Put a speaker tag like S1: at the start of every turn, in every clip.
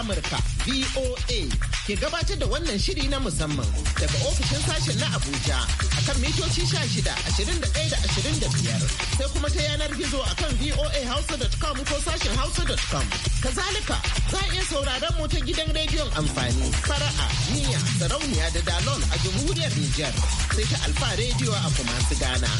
S1: Amurka VOA ke gabatar da wannan shiri na musamman daga ofishin sashen na Abuja a kan mitoci 16, 21 da da biyar sai kuma ta yanar gizo a akan voahausa.com ko sashen hausa.com. Kazalika za a iya sauraron mu ta gidan rediyon amfani fara'a niya sarauniya da dalon a jamhuriyar Nijar sai ta alfa rediyo a kuma su gana.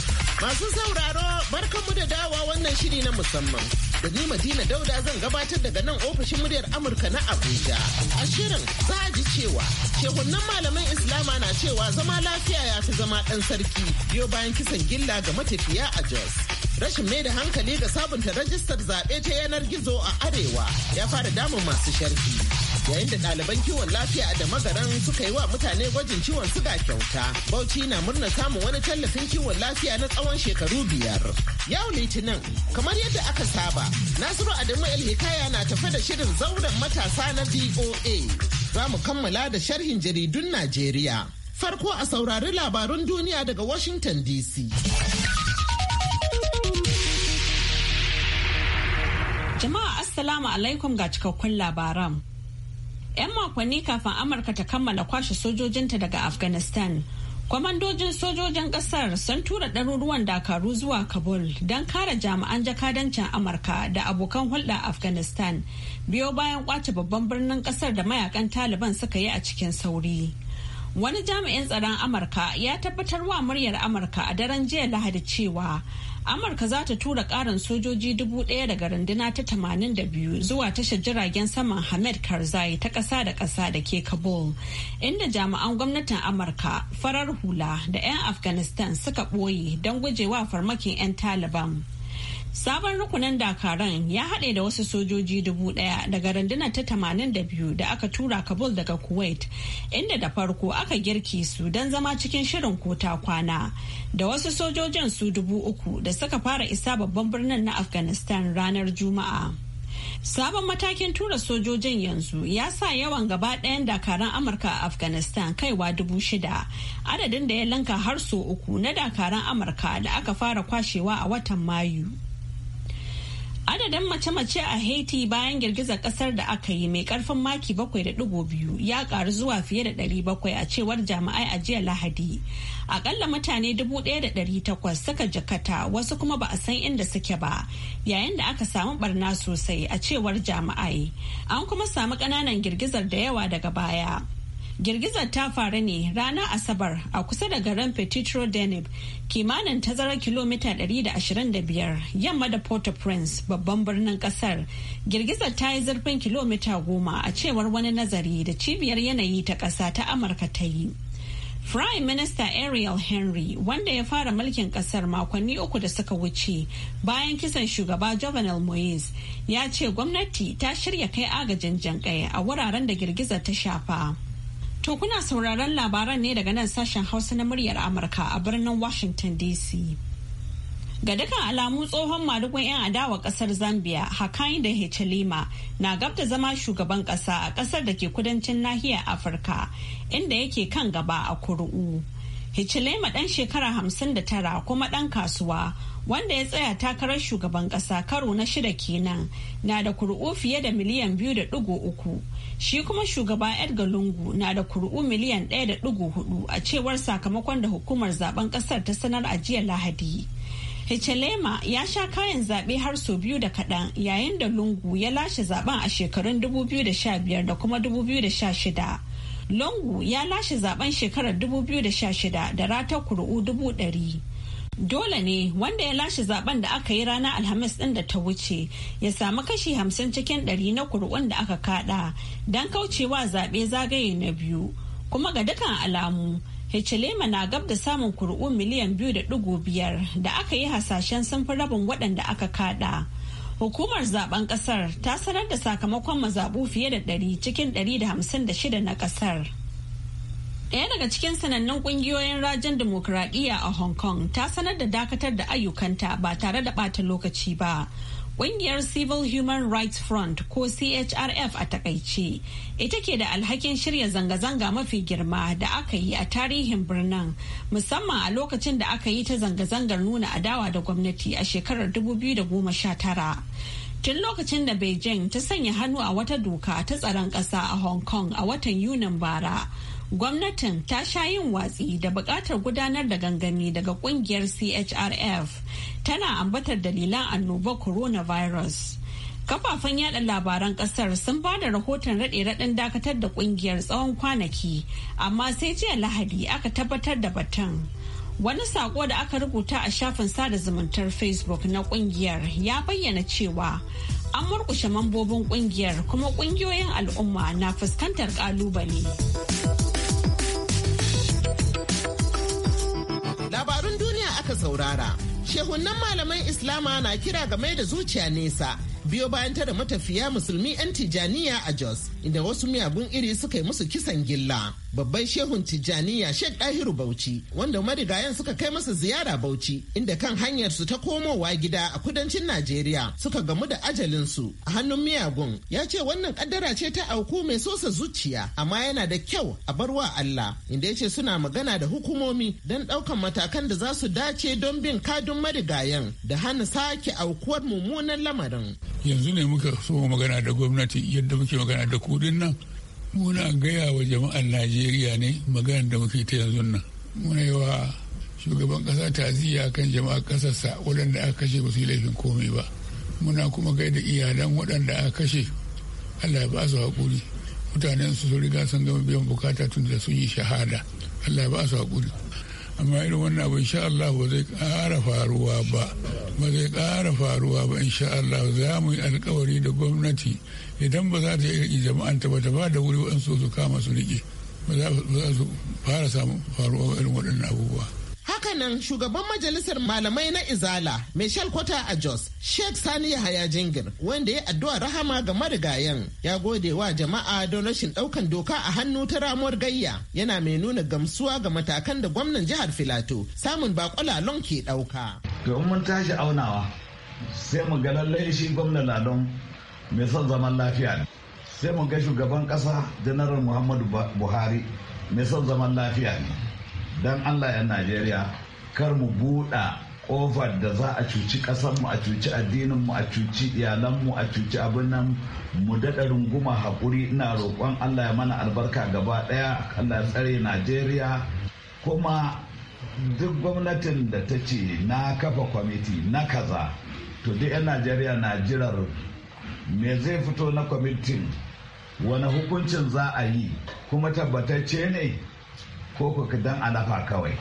S1: Masu sauraro barkanmu da dawa wannan shiri na musamman. da ni Madina Dauda zan gabatar daga nan ofishin muryar Amurka na Abuja. A shirin za a ji cewa shehunan malaman Islama na cewa zama lafiya ya fi zama ɗan sarki biyo bayan kisan gilla ga matafiya a Jos. rashin mai da hankali ga sabunta rajistar zaɓe ta yanar gizo a arewa ya fara damun masu sharhi. yayin da ɗaliban kiwon lafiya da magaran suka yi wa mutane gwajin ciwon suga kyauta bauchi na murna samun wani tallafin kiwon lafiya na tsawon shekaru biyar yau litinin kamar yadda aka saba nasiru adamu el hikaya na tafe da shirin zauren matasa na voa za mu kammala da sharhin jaridun najeriya farko a saurari labarun duniya daga washington dc
S2: Jama'a Assalamu alaikum ga cikakkun labaran. 'Yan makonni kafin Amurka ta kammala kwashe sojojinta daga Afghanistan, kwamandojin sojojin ƙasar sun tura ɗaruruwan dakaru zuwa Kabul don kare jami'an jakadancin Amurka da abokan hulɗa Afghanistan biyo bayan kwace babban birnin ƙasar da mayakan Taliban suka yi a cikin sauri. Wani jami'in tsaron Amurka ya tabbatar wa muryar Amurka a daren jiya Lahadi cewa Amurka za ta tura ƙarin sojoji dubu ɗaya daga runduna ta tamanin da biyu zuwa tashar jiragen saman Hamed Karzai ta ƙasa da ƙasa da ke Kabul, inda jami'an gwamnatin Amurka, farar hula da 'yan Afghanistan suka ɓoye don gujewa farmakin 'yan Taliban. Sabon rukunin Dakaran ya haɗe da wasu sojoji dubu ɗaya daga rundunar ta tamanin da biyu da aka tura Kabul daga Kuwait, inda da farko aka girki su don zama cikin shirin kota kwana, da wasu sojojin su dubu uku da suka fara isa babban birnin na Afghanistan ranar Juma'a. Sabon matakin tura sojojin yanzu ya sa yawan gaba ɗayan dakaran Amurka a Afghanistan kaiwa dubu shida, adadin da ya lanka har so uku na dakaran Amurka da aka fara kwashewa a watan Mayu. Adadin mace-mace a Haiti bayan girgizar kasar da aka yi mai karfin maki 7.2 ya karu zuwa fiye da 700 a cewar jami'ai a jiya Lahadi. Akalla mutane 1,800 suka jakata wasu kuma ba a san inda suke ba yayin da aka samu barna sosai a cewar jami'ai. An kuma samu ƙananan girgizar da yawa daga baya. Girgizar ta faru ne ranar Asabar a kusa da garin Petitro Denib, kimanin tazarar kilomita 125 yamma da Port-au-Prince babban birnin kasar. Girgizar ta yi zurfin kilomita goma a cewar wani nazari da cibiyar yanayi ta ƙasa ta Amurka ta yi. Prime Minister Ariel Henry wanda ya fara mulkin kasar makonni uku da suka wuce bayan kisan shugaba Jovenel moyes ya ce gwamnati ta shirya kai agajin jankai a wuraren da girgizar ta shafa. To kuna sauraron labaran ne daga nan sashen Hausa na muryar Amurka a birnin Washington DC. Ga dukkan alamu tsohon madugun 'yan adawa kasar Zambia Hakan da Hechelima na gab da zama shugaban kasa a kasar da ke kudancin nahiyar Afirka inda yake kan gaba a kuru'u. Hichilema ɗan shekara hamsin da tara kuma ɗan kasuwa wanda ya tsaya takarar shugaban ƙasa karo na shida kenan na da kuru'u fiye da miliyan biyu da ɗigo uku. Shi kuma shugaba Edgar Lungu na da kuru'u miliyan ɗaya da ɗigo hudu a cewar sakamakon da hukumar zaben ƙasar ta sanar a jiya Lahadi. Hichilema ya sha kayan zaɓe har sau biyu da kaɗan yayin da Lungu ya lashe zaben a shekarun dubu biyu da sha biyar da kuma da sha shida. Longu ya lashe zaben shekarar 2016 da ratar kuri'u dubu ɗari. Dole ne wanda ya lashe zaben da aka yi ranar Alhamis din da ta wuce ya samu kashi hamsin cikin ɗari na kuri'un da aka kada don kaucewa zaɓe zagaye na biyu. Kuma ga dukkan alamu, hechelema na gab da samun kuri'u miliyan biyu da biyar da aka yi hasashen sun fi rabin waɗanda aka kada. Hukumar zaben kasar ta sanar da sakamakon mazaɓu fiye da 100 cikin 156 na kasar. daya daga cikin sanannun kungiyoyin rajin demokuraɗiyya a Hong Kong ta sanar da dakatar da ayyukanta ba tare da ɓata lokaci ba. Ƙungiyar Civil Human Rights Front ko CHRF a takaice, ita ke da alhakin shirya zanga-zanga mafi girma da aka yi a tarihin birnin, musamman a lokacin da aka yi ta zanga-zangar nuna adawa da gwamnati a shekarar 2019. Tun lokacin da Beijing ta sanya hannu a wata doka ta tsaron ƙasa a Hong Kong a watan Yunin bara. gwamnatin ta sha yin watsi da buƙatar gudanar da gangami daga ƙungiyar chrf tana ambatar dalilan annobar coronavirus kafafen yada labaran ƙasar sun ba da rahoton raɗe-raɗin dakatar da ƙungiyar tsawon kwanaki amma sai jiya lahadi aka tabbatar da batun wani sako da aka rubuta a shafin sada zumuntar facebook na ƙungiyar ya bayyana cewa an murkushe mambobin ƙungiyar kuma ƙungiyoyin al'umma na fuskantar ƙalubale.
S1: aka saurara. Shehunan malaman Islama na kira game da zuciya nesa. Biyo bayan tara matafiya musulmi 'yan Tijaniya a Jos, inda wasu miyagun iri suka yi musu kisan gilla. babban shehun ya shek ɗahiru bauchi wanda marigayen suka kai masa ziyara bauchi inda kan hanyar su ta komowa gida a kudancin najeriya suka gamu da ajalin su a hannun miyagun ya ce wannan kaddara ce ta auku mai sosa zuciya amma yana da kyau a barwa allah inda ya ce suna magana da hukumomi don ɗaukan matakan da za su dace don bin kadun marigayen da hana sake aukuwar mummunan lamarin
S3: yanzu ne muka so magana da gwamnati yadda muke magana da kudin nan muna gaya wa jama'ar najeriya ne maganar da muke ta yanzu nan muna yi wa shugaban kasa taziya kan jama'a kasarsa waɗanda aka kashe ba su yi laifin komai ba muna kuma gaida iyalan waɗanda aka kashe allah ya ba su haƙuri mutanen su riga sun gama biyan bukata tun da sun yi shahada allah ya ba su haƙuri amma irin wannan abu insha Allah ba zai ƙara faruwa ba ba zai ƙara faruwa ba insha Allah za mu yi alkawari da gwamnati idan ba za ta yi jama'an ta ba ta ba da wuri waɗansu su kama su riƙe ba za su fara samun faruwa irin waɗannan abubuwa.
S1: Hakanan shugaban majalisar malamai na Izala, Michel Kwata a Jos, Sheikh Sani Yahaya Jingir, wanda ya addu'a rahama ga marigayen, ya gode wa jama'a don rashin daukan doka a hannu ta ramuwar gayya. Yana mai nuna gamsuwa ga matakan da gwamnan jihar Filato, samun bakwalalon ke dauka. To
S4: mun tashi aunawa, sai mu ga lallai shi gwamnan Ladon mai son zaman lafiya Sai mu ga shugaban ƙasa Janaral Muhammadu Buhari mai son zaman lafiya ne. don allah yan najeriya kar mu buɗa ƙofar da za a cuci ƙasarmu a cuci addininmu a cuci iyalanmu a cuci abin nan mu daɗa runguma haƙuri ina roƙon allah ya mana albarka gaba ɗaya allah ya tsare najeriya kuma duk gwamnatin da ta ce na kafa kwamiti na kaza to duk 'yan najeriya na jirar me zai fito na kwamitin wani hukuncin za a yi kuma tabbatacce ne ko ku dan alafa kawai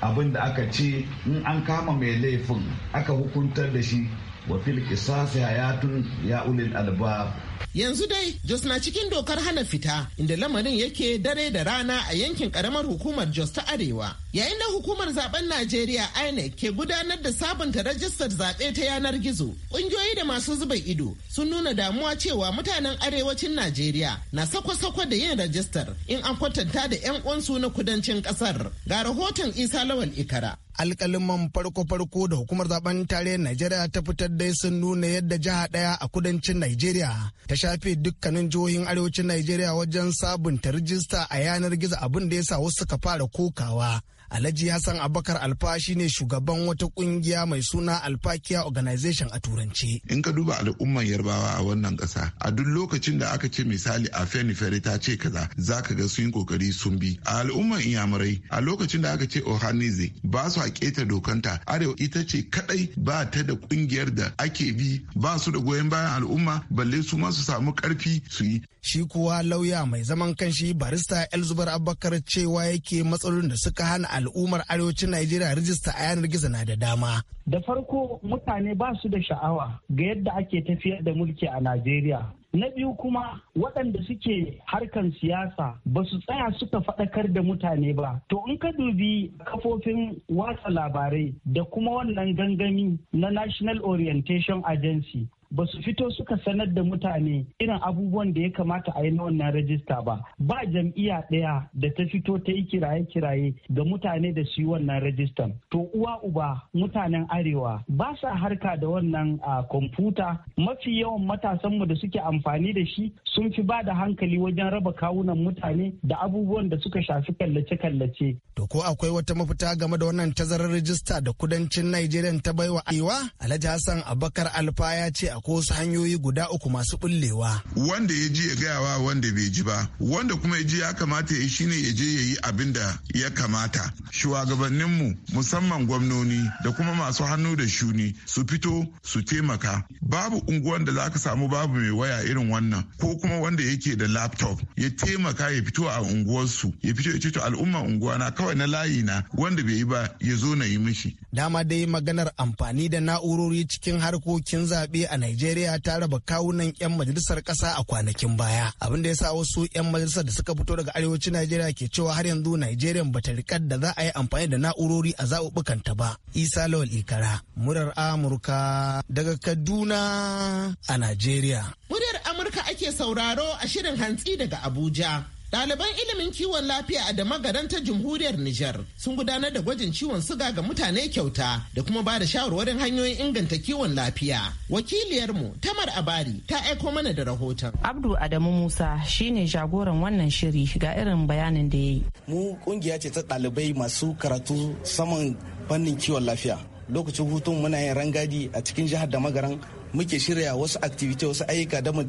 S4: abin da aka ce in an kama mai laifin aka hukuntar da shi wa fil qisas hayatun ya ulil albab
S1: yanzu dai jos na cikin dokar hana fita inda lamarin yake dare da rana a yankin karamar hukumar jos ta arewa yayin da hukumar zaben najeriya inec ke gudanar da sabunta rajistar zaɓe ta yanar gizo ƙungiyoyi da masu zuba ido sun nuna damuwa cewa mutanen arewacin najeriya na sako-sako da yin rajistar in an kwatanta da 'yan uwansu na kudancin ƙasar ga rahoton isa lawal ikara alkaliman farko-farko
S5: da hukumar zaben tarayyar Najeriya ta fitar dai sun nuna yadda jiha ɗaya a kudancin Najeriya ta shafe dukkanin jihohin arewacin Najeriya wajen sabunta rijista a yanar gizo abin da ya sa wasu suka fara kokawa. Alhaji Hassan Abubakar Alfa ne shugaban wata kungiya mai suna Alfakiya Organization a turanci
S6: In ka duba al'umman Yarbawa a wannan ƙasa, a duk lokacin da aka ce misali a Fenifere ta ce kaza, za ka ga sun yi kokari sun bi. A al'umman Inyamurai, a lokacin da aka ce Ohanize ba su a keta dokanta, Arewa ita ce kadai ba ta da kungiyar da ake bi, ba su da goyon bayan al'umma, balle su ma su samu karfi su yi. Shi kuwa lauya mai zaman kanshi barista Elzubar Abubakar
S5: cewa yake matsalolin da suka hana al'ummar arewacin Najeriya rijista a yanar gizo na da dama. Da farko mutane ba su da sha'awa ga yadda ake tafiyar da mulki a Najeriya. Na biyu kuma waɗanda suke harkan siyasa ba su tsaya suka faɗakar da mutane ba. To in ka dubi kafofin watsa labarai da kuma wannan gangami na National Orientation Agency ba su fito suka sanar da mutane irin abubuwan da ya kamata a yi na wannan rajista ba ba jam'iyya ɗaya da ta fito ta yi kiraye-kiraye ga mutane da su yi wannan rajistan to uwa uba mutanen arewa ba sa harka da wannan a kwamfuta mafi yawan matasanmu da suke amfani da shi sun fi ba da hankali wajen raba kawunan mutane da abubuwan da suka shafi kallace-kallace. To ko akwai wata mafita game da wannan tazarar rajista da kudancin Najeriya ta baiwa arewa Alhaji Hassan Abakar Alfa ya ce ko wasu hanyoyi guda uku masu
S6: bullewa. Wanda ya ji ya gaya wa wanda bai ji ba, wanda kuma ya ji ya kamata ya shine ya je ya yi abin da ya kamata. Shugabanninmu musamman gwamnoni da kuma masu hannu da shuni su fito su taimaka. Babu unguwan da za ka samu babu mai waya irin wannan ko kuma wanda yake da laptop ya taimaka ya fito a unguwarsu ya fito ya ce to al'umma na kawai na layi na wanda bai yi ba ya zo na yi mishi.
S5: Dama dai maganar amfani da na'urori cikin harkokin zaɓe a Najeriya ta raba kawunan 'yan majalisar ƙasa a kwanakin baya. Abin da ya sa wasu 'yan majalisar da suka fito daga arewacin Najeriya ke cewa har yanzu Najeriya ba ta rikar da za a yi amfani da na'urori a ta ba. Isa Lawal Ikara, murar Amurka daga Kaduna a Najeriya.
S1: Muryar Amurka ake sauraro a shirin hantsi daga Abuja. Ɗaliban ilimin kiwon lafiya a Damagaran ta Jamhuriyar Nijar sun gudanar da gwajin ciwon suga ga mutane kyauta da kuma ba da shawarwarin hanyoyin inganta kiwon lafiya. wakiliyar Wakiliyarmu Tamar Abari ta aiko mana da
S2: rahoton. Abdu Adamu Musa shine jagoran wannan shiri ga irin bayanin da ya yi.
S4: Mu kungiya ce ta ɗalibai masu karatu saman fannin kiwon lafiya. Lokacin hutun muna yin rangadi a cikin jihar Damagaran muke shirya wasu activity wasu ayyuka da mu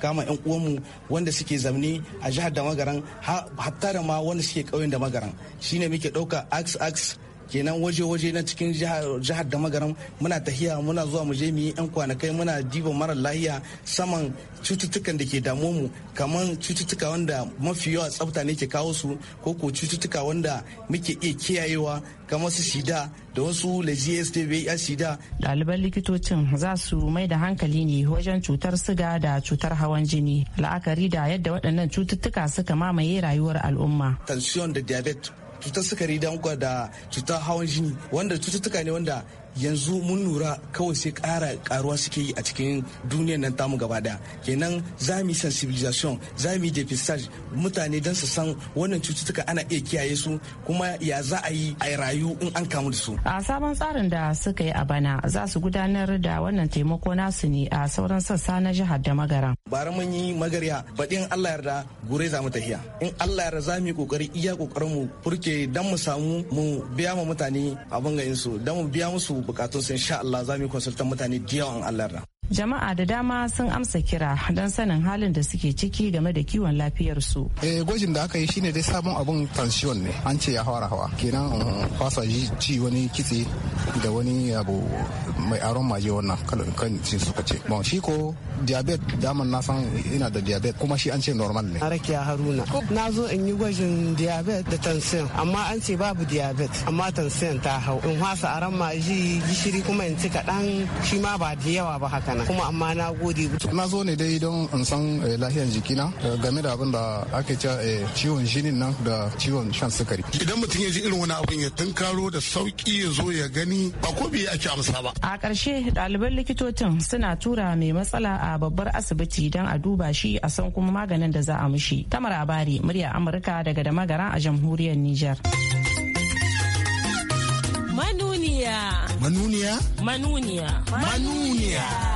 S4: kama yan uwanmu wanda suke zamne a jihar da magaran hatta da ma wanda suke ƙauyen da magaran shine muke ɗauka axe axe kenan waje-waje na cikin jihar da magaram muna tahiya muna zuwa mu je mu yi yan kwanakai muna diba mara lahiya saman cututtukan da ke damu mu kamar cututtuka wanda mafi yawa tsafta ne ke kawo su ko ko cututtuka wanda muke iya kiyayewa kamar su shida da wasu lejiyar ya
S2: a shida ɗaliban likitocin za su mai da hankali ne wajen cutar siga da cutar hawan jini la'akari da yadda waɗannan cututtuka suka mamaye rayuwar al'umma
S4: tension da diabetes cutar sukari dan da cutar hawan jini wanda cututtuka ne wanda yanzu mun lura kawai sai kara karuwa suke yi a cikin duniyar nan tamu gaba daya kenan za mu yi sensibilisation za mu yi depistage mutane don su san wannan cututtuka ana iya kiyaye su kuma ya za a yi a rayu in an kamu da su
S2: a sabon tsarin da suka yi a bana za su gudanar da wannan taimako nasu ne a sauran sassa na jihar da magara
S4: bara mun yi magarya baɗin Allah yarda gure za mu tafiya in Allah yarda za mu yi kokari iya kokarin mu furke dan mu samu mu biya wa mutane abin ga su dan mu biya musu bukatun su insha Allah za mu yi mutane da Allah yarda
S2: jama'a da dama sun amsa kira don sanin halin da suke ciki game da kiwon lafiyarsu. eh gwajin da aka yi shine dai sabon abun
S5: pension ne an ce ya fara hawa kenan fasa ci wani kitse da wani abu mai aron maje wannan kan ci suka ce bon shi ko diabet daman na
S7: san ina
S4: da diabet kuma shi an ce normal ne ya haruna
S7: na zo in yi gwajin diabet da tension amma an ce babu diabet amma tension ta hau in fasa aron maji gishiri kuma in ci kaɗan shi ma ba da yawa ba haka na kuma amma na gode na zo ne dai don
S5: in san eh, lafiyar jikina eh, game da abin da ake ci eh, ciwon jinin nan da ciwon
S6: shan sukari idan mutum ya ji irin wani abin ya tunkaro da sauki ya zo ya gani ba ko bai ake amsa ba
S2: a ƙarshe ɗaliban likitocin suna tura mai matsala a babbar asibiti don a duba shi a san kuma maganin da za a mishi tamar abari murya amurka daga da magara a jamhuriyar niger Manuniya. Manuniya?
S5: Manuniya. Manuniya.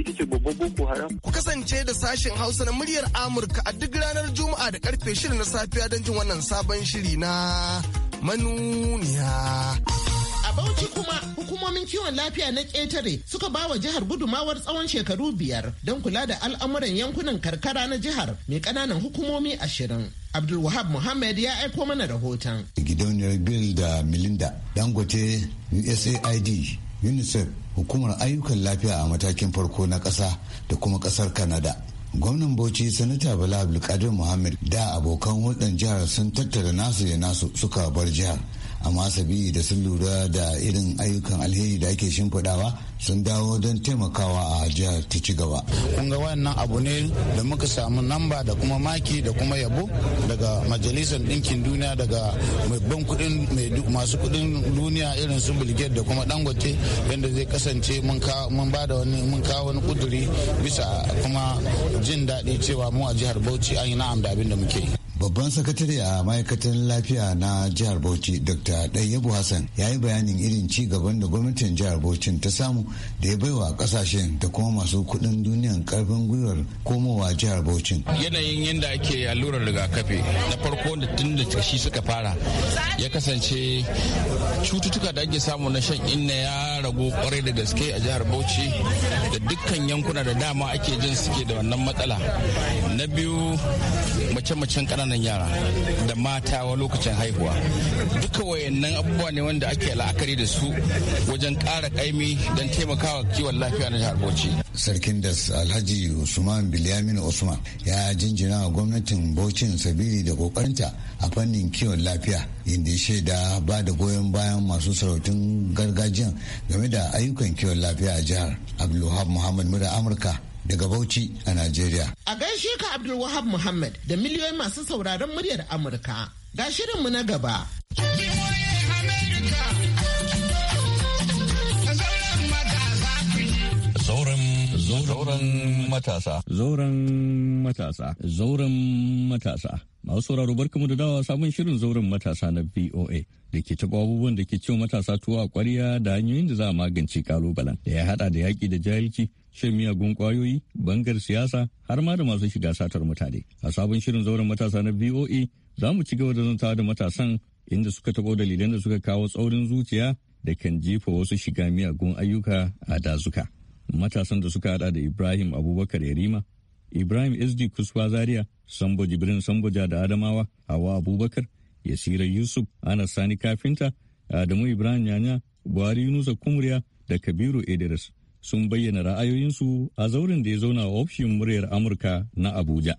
S3: ita ce babban boko haram. Ku
S5: kasance da sashen Hausa na muryar Amurka a duk ranar Juma'a da karfe shirin na safiya don jin wannan sabon shiri na
S1: manuniya. A Bauchi kuma hukumomin kiwon lafiya na ƙetare suka ba wa jihar gudumawar tsawon shekaru biyar don kula da al'amuran yankunan karkara na jihar mai ƙananan hukumomi ashirin. Abdulwahab Muhammad ya aiko mana
S8: rahoton. Gidauniyar Bill da Melinda Dangote USAID unicef hukumar ayyukan lafiya a matakin farko na ƙasa da kuma ƙasar kanada gwamnan bauchi sanata bala abdulkadir muhammad da abokan hulɗar jihar sun tattara nasu da nasu suka bar jihar amma sabi da sun lura da irin ayyukan alheri da ake shimfiɗawa sun dawo don taimakawa a jihar ta ci gaba.
S3: kun ga wannan abu ne da muka samu namba da kuma maki da kuma yabo daga majalisar ɗinkin duniya daga babban kuɗin masu kuɗin duniya irin su bilgiyar da kuma dangote yadda zai kasance mun ba da wani mun kawo wani kuduri bisa kuma jin daɗi cewa mu a jihar bauchi an yi na'am da abin da muke yi.
S8: Babban sakatare a ma'aikatan lafiya na jihar Bauchi Dr. Ɗayyabu Hassan ya yi bayanin irin ci gaban da gwamnatin jihar Bauchi ta samu da ya baiwa kasashen da kuma masu kuɗin duniyan karfin gwiwar komowa jihar Bauchi.
S3: Yanayin yadda ake allurar rigakafi na farko da tun da shi suka fara ya kasance cututtuka da ake samu na shan inna ya ragu kwarai da gaske a jihar Bauchi da dukkan yankuna da dama ake jin suke da wannan matsala. Na biyu mace-macen ƙananan ƙananan yara da mata wa lokacin haihuwa duka wayannan abubuwa ne wanda ake la'akari da su wajen ƙara ƙaimi don taimakawa kiwon lafiya na
S8: jihar sarkin da alhaji usman bilyamin usman ya jinjina wa gwamnatin bauchin sabili da kokarinta a fannin kiwon lafiya inda ya shaida ba da goyon bayan masu sarautun gargajiyan game da ayyukan kiwon lafiya a jihar abdulhab muhammad mura amurka daga Bauchi a Najeriya.
S1: A gaishe ka Abdulwahab Muhammad da miliyoyi masu sauraron muryar Amurka. Ga shirin mu na
S9: gaba. Zauren matasa. Zauren matasa. Zauren matasa. Masu sauraro barkamu da dawa sabon shirin zauren matasa na VOA da ke taɓa abubuwan da ke cewa matasa tuwa a ƙwarya da hanyoyin da za a magance kalubalen da ya haɗa da yaƙi da jahilci shan miyagun kwayoyi, bangar siyasa har ma da masu shiga satar mutane. A sabon shirin zauren matasa na VOA za mu ci gaba da zantawa da matasan inda suka taɓo dalilan da suka kawo tsaurin zuciya da kan jefa wasu shiga miyagun ayyuka a dazuka. Matasan da suka hada da Ibrahim Abubakar Yarima, Ibrahim SD Kuswa Zaria, Sambo Jibrin Samboja da Adamawa, Hawa Abubakar, Yasira Yusuf, Anas Sani Kafinta, Adamu Ibrahim Yanya, Buhari Yunusa Kumriya da Kabiru Idris. sun bayyana ra'ayoyinsu a zauren da ya zauna a ofishin muryar Amurka na Abuja.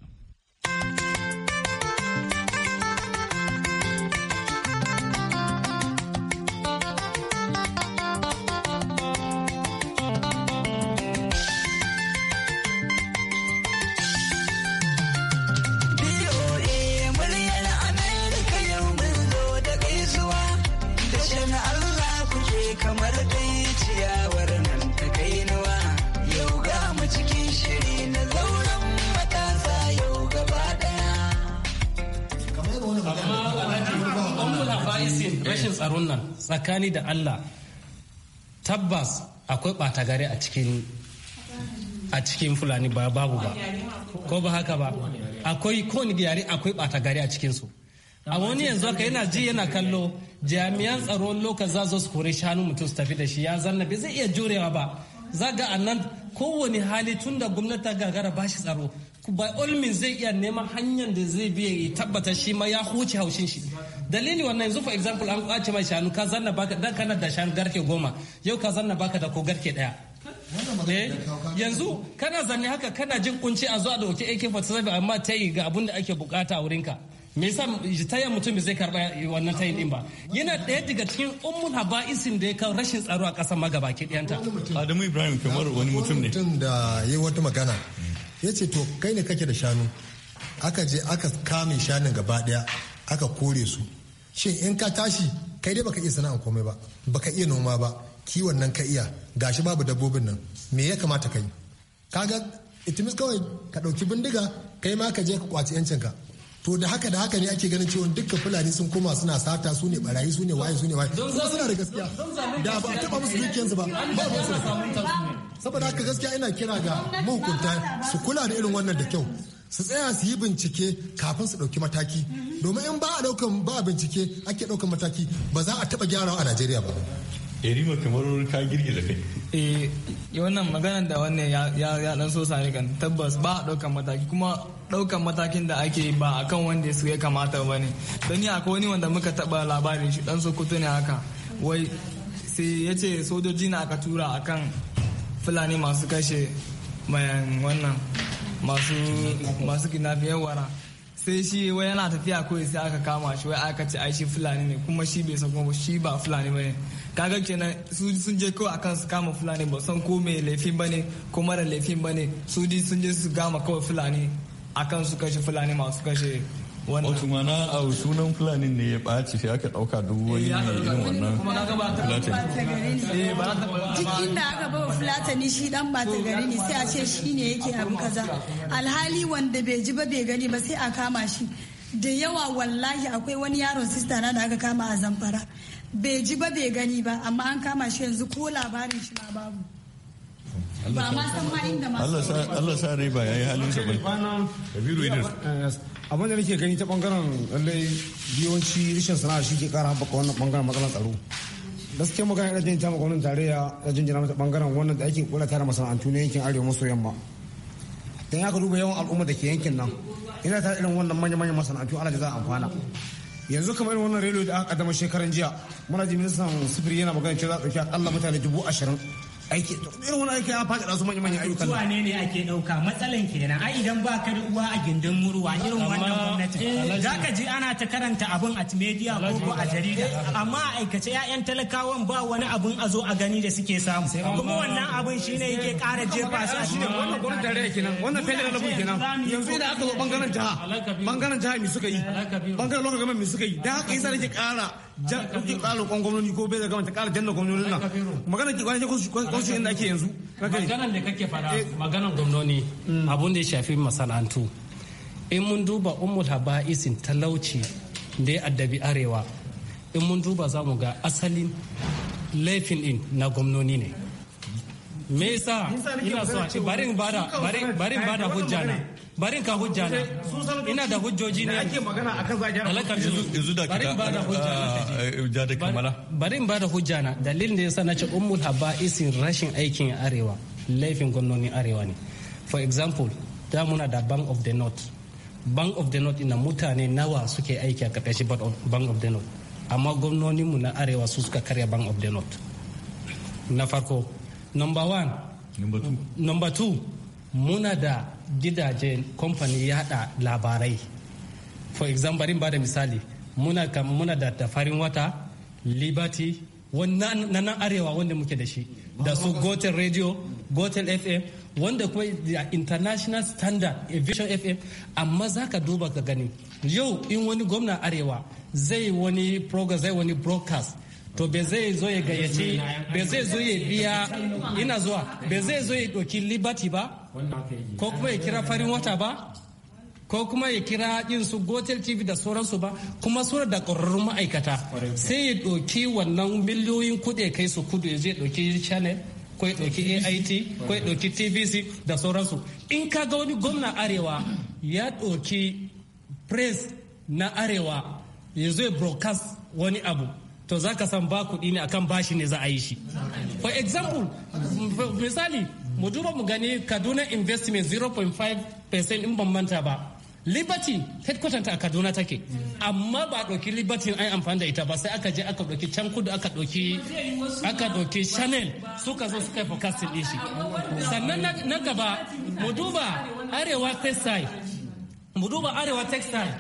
S10: da Allah tabbas akwai ɓata gari a cikin a cikin fulani ba babu ba ko ba haka ba akwai kowane yare akwai ɓata gari a cikinsu a wani yanzu haka yana ji yana kallo jami'an tsaron lokacin za zo su kore shanu mutum su tafi da shi ya zanna bai zai iya jurewa ba za ga a nan kowane hali tunda gwamnati ta gagara ba shi tsaro by all means zai iya neman hanyar da zai biya ya tabbata shi ma ya huce haushin shi dalili wannan yanzu for example an kwace mai shanu ka zanna baka dan kana da shanu garke goma yau ka zanna baka da ko garke daya eh, yanzu kana zanne haka kana jin kunci a zuwa da wake AK47 amma ta yi ga abin da ake bukata a ka me yasa tayan mutum zai karba wannan tayin din ba yana ɗaya daga cikin ummul haba'isin da ya kawo rashin tsaro a ƙasar magabaki ɗiyanta. Adamu Ibrahim kamar wani mutum ne mutum da yi wata magana ya ce to kai ne kake da shanu aka je aka kame shanun gaba daya aka kore su shin in ka tashi kai dai baka iya sana'ar komai ba baka iya noma ba kiwon nan ka iya gashi babu dabbobin nan me ya kamata ka yi kaga itimis kawai ka ɗauki bindiga kai ma ka je ka kwaci ka to da haka da haka ne ake ganin cewa dukkan fulani sun koma suna sata su ne barayi su ne waye su ne waye kuma suna da gaskiya da ba a taba musu dukiyansu ba ba ba su saboda haka gaskiya ina kira ga mahukunta su kula da irin wannan da kyau su tsaya su yi bincike kafin su ɗauki mataki domin in ba a ɗaukan ba a bincike ake ɗaukan mataki ba za a taɓa gyarawa
S9: a najeriya ba. ma kamar ka girgiza kai.
S5: eh wannan maganar da wannan ya dan so sai kan tabbas ba a daukan mataki kuma daukan matakin da ake ba akan wanda su ya kamata ba ne don ya akwai wani wanda muka taba labarin shi dan sokoto ne haka wai sai ya ce sojoji na aka tura akan fulani masu kashe mayan wannan masu masu kinafiyar wara sai shi wai yana tafiya kawai sai aka kama shi wai aka ce ai shi fulani ne kuma shi bai san kuma shi ba fulani bane kaga kenan su sun je kawai akan su kama fulani ba san ko mai laifin ba ne ko mara laifin ba ne su sun je su gama kawai fulani akan su kashe fulani masu kashe wato mana a sunan
S9: fulani ne ya ɓaci sai aka ɗauka duk wani eh, irin wannan fulatani eh, duk inda aka
S2: bawa fulatani shi dan ɓata gari ne sai a ce shi ne yake abu kaza alhali wanda bai ji ba bai gani ba sai a kama shi da yawa wallahi akwai wani yaron sista na da aka kama a zamfara bai ji ba bai gani ba amma an kama shi yanzu ko labarin shi ma babu
S9: ba ma san ma inda masu Allah sa riba yi halin sa ba.
S11: abin da nake gani ta bangaren lallai yawanci rashin sana'a shi ke kara haɓaka wannan bangaren matsalar tsaro gaskiya magana da jinta ta wannan tarayya da jinjina mata bangaren wannan da ake kula tare masana'antu na yankin arewa maso yamma dan haka duba yawan al'umma da ke yankin nan ina ta irin wannan manya manyan masana'antu ana da za a amfana yanzu kamar irin wannan rediyo da aka kaddama shekaran jiya muna ji ministan sifiri yana magana cewa za a ɗauki akalla mutane dubu ashirin aiki irin wani aiki ya faɗaɗa su manyan manyan ayyukan zuwa ne
S7: ne ake ɗauka matsalan kenan ai idan ba ka da uwa
S11: a gindin murwa irin wannan gwamnati. za ka ji
S7: ana ta karanta abun a media ko ko a jarida amma a aikace ƴaƴan talakawan ba wani abun a zo a gani da suke samu kuma wannan abun shine yake ƙara jefa su a cikin wannan gwamnatin
S11: tarayya kenan wannan federal level kenan yanzu da aka zo bangaren jaha. bangaren jaha me suka yi bangaren lokacin government me suka yi da haka yasa ke ƙara jan kuke ƙara roƙon ko da kamata magana ke kwanan kwasu inda ake yanzu
S10: kake fara eh. mm. abun da ya shafi masana'antu in mun duba umul haba'isin talauci da ya addabi arewa in mun duba za mu ga asalin laifin din na gwamnoni ne me yasa ina so barin bada barin bada hujja na barin ka hujja na ina da hujjoji ne ake magana akan zagen alakar yanzu da barin bada hujja na ah,
S9: eh, da kamala
S10: barin bada hujja na dalilin da yasa nace ummul isin rashin aikin arewa laifin gwamnonin arewa ne for example da muna da bank of the north bank of the north ina mutane nawa suke aiki a karkashin bank of the north amma gwamnoninmu na arewa su suka karya bank of the north na farko number one number two muna da gidajen kamfani yada labarai for example in ba da misali muna, muna da tafarin wata liberty na nan arewa wanda muke da shi da su gotel radio gotel fm wanda kuma da international standard aviation fm amma za ka duba ka gani yau in wani gwamna arewa zai wani program zai wani broadcast to be zai zo ya gayyaci be zai zo ya biya ina zuwa be zai zo ya ɗauki liberty ba ko kuma ya kira farin wata ba ko kuma ya kira yin su gotel tv da sauransu ba kuma suna da ƙwararrun ma'aikata sai ya ɗauki wannan miliyoyin kuɗi kai su kudu ya je ɗauki channel ko ya ɗauki ait ko ya ɗauki tvc da sauransu in ka ga wani gwamna arewa ya ɗauki press na arewa ya zo broadcast wani abu to za ka san ba kuɗi ne akan bashi ne za a yi shi for example misali mu duba mu gani kaduna investment 0.5% in ban manta ba liberty headquarter ta a kaduna take amma ba ɗauki liberty an amfani da ita ba sai aka je aka ɗauki can kudu aka ɗauki aka ɗauki chanel suka zo suka yi forecasting ɗin shi sannan na gaba mu duba arewa textile mu duba arewa textile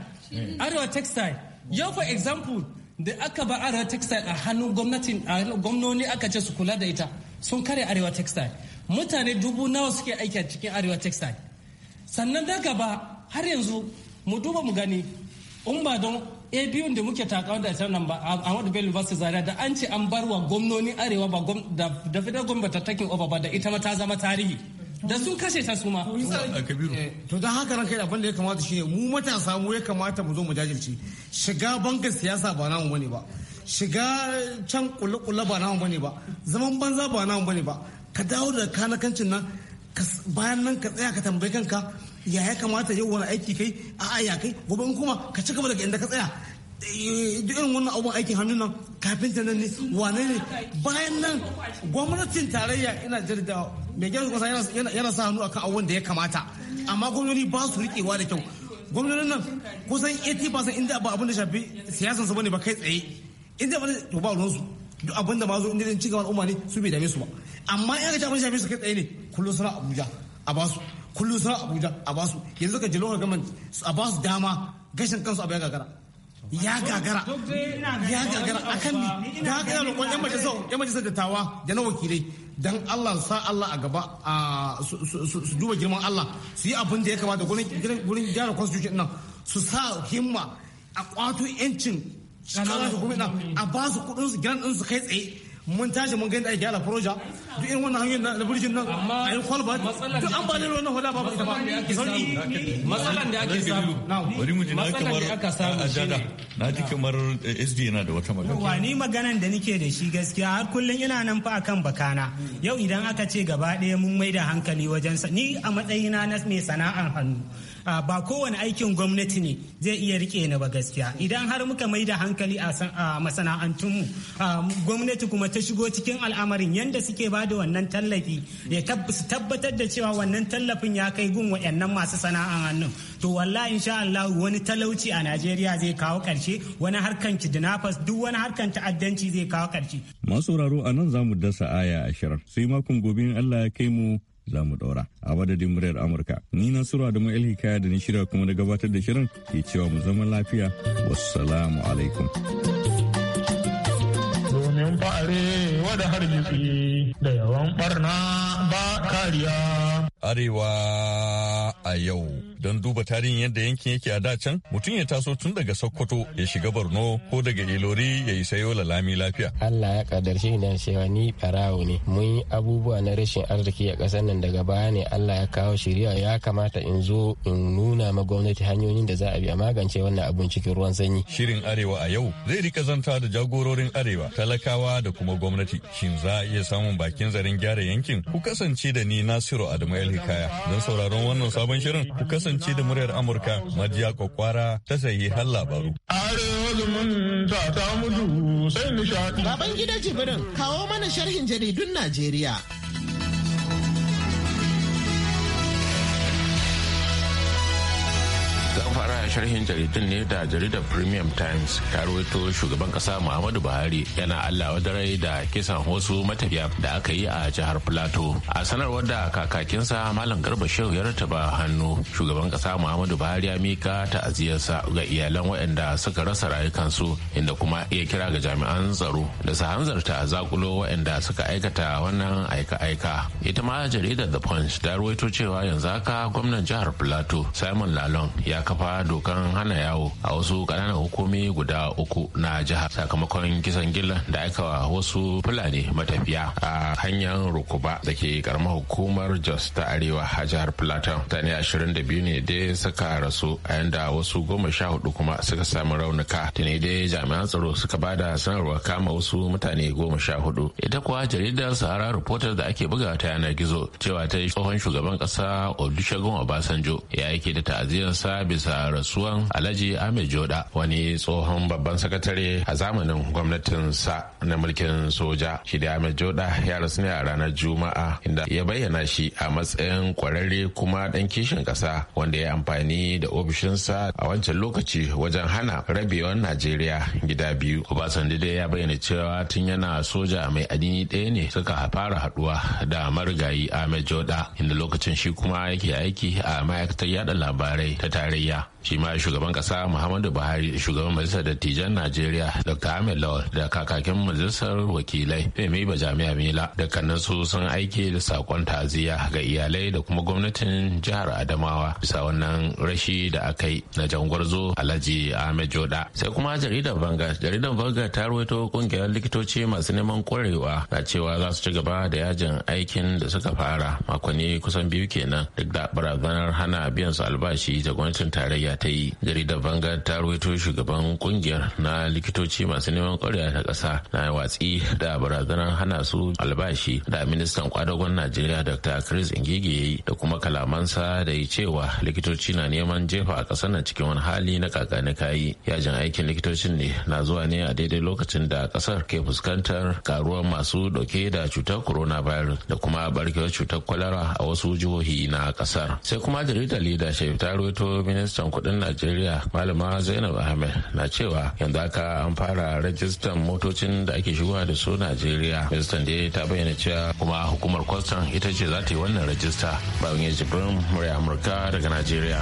S10: arewa textile yau for example da aka ba arewa textile a hannun gwamnatin gwamnoni aka ce su kula da ita sun kare arewa textile mutane dubu nawa suke aiki a cikin arewa textile sannan da gaba har yanzu mu duba mu gani in ba don a biyun da muke taka da ita nan ba a Ahmadu bai University Zaria da an ce an bar wa gwamnoni arewa ba da fidar gwamnati ta taking over ba da ita ma ta zama tarihi da sun kashe ta su ma eh. to don haka
S11: ranka abin da ya kamata shine mu matasa mu ya kamata mu zo mu jajirce shiga bankin siyasa ba namu bane ba shiga can kula-kula ba namu bane ba zaman banza ba namu bane ba ka dawo da kanakancin nan bayan nan ka tsaya ka tambayi kanka ya ya kamata yau wani aiki kai a aya kai gobe kuma ka ci gaba daga inda ka tsaya Eh, irin wannan abubuwan aikin hannu nan kafin ta nan ne wane ne bayan nan gwamnatin tarayya ina jirda mai gyara kusa yana sa hannu akan abubuwan da ya kamata amma gwamnati ba su riƙewa da kyau Gwamnati nan kusan 80% inda ba abin da shafi siyasan su bane ba kai tsaye inda ba to ba ruwansu duk abin da ma zo inda zan ci gaban al'umma ne su bai dame su ba amma in ka abin shafi su kai tsaye ne kullum suna abuja a su kullum suna abuja a su yanzu ka jilo ka gaman a su dama gashin kansu a bayan gagara
S7: ya gagara
S11: ya gagara kan ni da haka yana roƙon yan majalisar yan majalisar dattawa da na wakilai dan Allah sa Allah a gaba a su duba girman Allah su yi abin da ya kamata gurin gyara constitution nan su sa himma a kwato yancin kana da gwamnati a ba su kudin su gidan din su kai tsaye mun tashi mun gani da gyara proja duk irin wannan hanyar na burjin nan a yi kwalba duk an balin wannan hoda babu ita ba
S9: matsalan da ake samu bari mu na kamar ajada na ji kamar sd yana da wata magana wa
S7: ni maganan da nake da shi gaskiya har kullun ina nan fa akan bakana yau idan aka ce gaba ɗaya mun maida hankali wajen sa ni a matsayina na mai sana'ar hannu ba kowane aikin gwamnati ne zai iya rike ni ba gaskiya idan har muka mai da hankali a masana'antunmu gwamnati kuma ta shigo cikin al'amarin yadda suke ba da wannan tallafi ya tabbatar da cewa wannan tallafin ya kai gun waɗannan masu sana'an hannun to wallahi insha Allah wani talauci a Najeriya zai kawo ƙarshe wani harkan kidnappers duk wani harkan ta'addanci zai kawo ƙarshe
S9: masu sauraro a nan zamu dasa aya a ashirin sai makon gobe in Allah ya kai mu za mu ɗora a madadin muryar amurka ni na sura da ma'il hikaya da ni shirya kuma da gabatar da shirin ke cewa mu zama lafiya wassalamu alaikum
S3: yin fa'are wada hargitsi da yawan barna ba kariya.
S9: Arewa a yau. don duba tarihin yadda yankin yake a dacan mutum ya taso tun daga sokoto ya shiga borno ko daga ilori ya yi sayo lami lafiya
S10: allah ya kadarci da cewa ni barawo ne mun yi abubuwa na rashin arziki a ƙasar nan daga baya ne allah ya kawo shirya ya kamata in zo in nuna ma gwamnati hanyoyin da za a bi a magance wannan abun cikin ruwan sanyi
S9: shirin arewa a yau zai rika zanta da jagororin arewa talakawa da kuma gwamnati shin za a iya samun bakin zarin gyara yankin ku kasance da ni nasiru adamu hikaya don sauraron wannan sabon shirin ku kasance kasance da muryar Amurka Madiya Kwakwara ta sayi har labaru.
S3: Arewa zumunta ta
S1: mudu sai nishaɗi. Baban gida Jibrin kawo mana sharhin jaridun Najeriya.
S3: fara sharhin jaridun ne da jaridar premium times ta rawaito shugaban kasa muhammadu buhari yana allah wadarai da kisan wasu matafiya da aka yi a jihar plateau a sanarwar da kakakinsa malam garba shehu ya rataba hannu shugaban kasa muhammadu buhari ya mika ta'aziyarsa ga iyalan waɗanda suka rasa rayukansu inda kuma ya kira ga jami'an tsaro da su hanzarta zakulo waɗanda suka aikata wannan aika-aika ita ma jaridar the punch ta rawaito cewa yanzu haka gwamnan jihar plateau simon lalon ya kafa dokan hana yawo a wasu kananan hukumi guda uku na jihar sakamakon kisan gila da aka wa wasu fulani matafiya a hanyar rukuba da ke karamar hukumar jos ta arewa a jihar plateau mutane ashirin da biyu ne dai suka rasu a yanda wasu goma sha hudu kuma suka samu raunuka tuni dai jami'an tsaro suka bada sanarwar kama wasu mutane goma sha hudu ita kuwa jaridar sahara reporter da ake buga ta yanar gizo cewa ta tsohon shugaban kasa olusegun obasanjo ya yake da ta'aziyarsa bisa rasu Suwan alhaji ahmed joda wani tsohon babban sakatare a zamanin gwamnatin sa na mulkin soja shi da ahmed joda ya rasu ne a ranar juma'a inda ya bayyana shi a matsayin kwararre kuma dan kishin kasa wanda ya amfani da ofishinsa a wancan lokaci wajen hana rabewar najeriya gida biyu obasanjo dai ya bayyana cewa tun yana soja mai adini ɗaya ne suka fara haduwa da marigayi ahmed joda inda lokacin shi kuma yake aiki a ma'aikatar yada labarai ta tarayya shi ma shugaban kasa muhammadu buhari shugaban majalisar dattijan najeriya dr ahmed lawal da kakakin majalisar wakilai femi bajami'a mila dukkanin su sun aiki da sakon taziya ga iyalai da kuma gwamnatin jihar adamawa bisa wannan rashi da aka yi na jangwarzo alhaji ahmed joda sai kuma jaridar banga jaridar banga ta ruwaito kungiyar likitoci masu neman kwarewa na cewa za su ci gaba da yajin aikin da suka fara makonni kusan biyu kenan duk da barazanar hana biyan su albashi da gwamnatin tarayya ta yi jaridar bangar ta ruwaito shugaban kungiyar na likitoci masu neman kwarewa ta kasa na watsi da barazanar hana su albashi da ministan kwadagon najeriya dr chris ingige ya da kuma kalamansa da ya cewa likitoci na neman jefa a ƙasar na cikin wani hali na kakani kayi yajin aikin likitocin ne na zuwa ne a daidai lokacin da ƙasar ke fuskantar karuwar masu dauke da cutar coronavirus da kuma barkewar cutar kwalara a wasu jihohi na kasar sai kuma jaridar leadership ta ruwaito ministan kudin najeriya malama zainab ahmed na cewa yanzu aka an fara rajistan motocin da ake shigowa da su najeriya rajistan dai ta bayyana cewa kuma hukumar kwastan ita ce za ta yi wannan rajista bayan ya jibrin murya amurka daga najeriya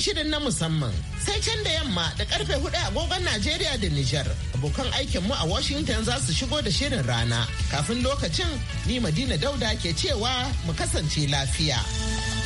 S1: shirin na musamman. Sai can da yamma da karfe hudu agogon Najeriya da Nijar. Abokan aikinmu a Washington za su shigo da shirin rana. Kafin lokacin, ni Madina Dauda ke cewa mu kasance lafiya.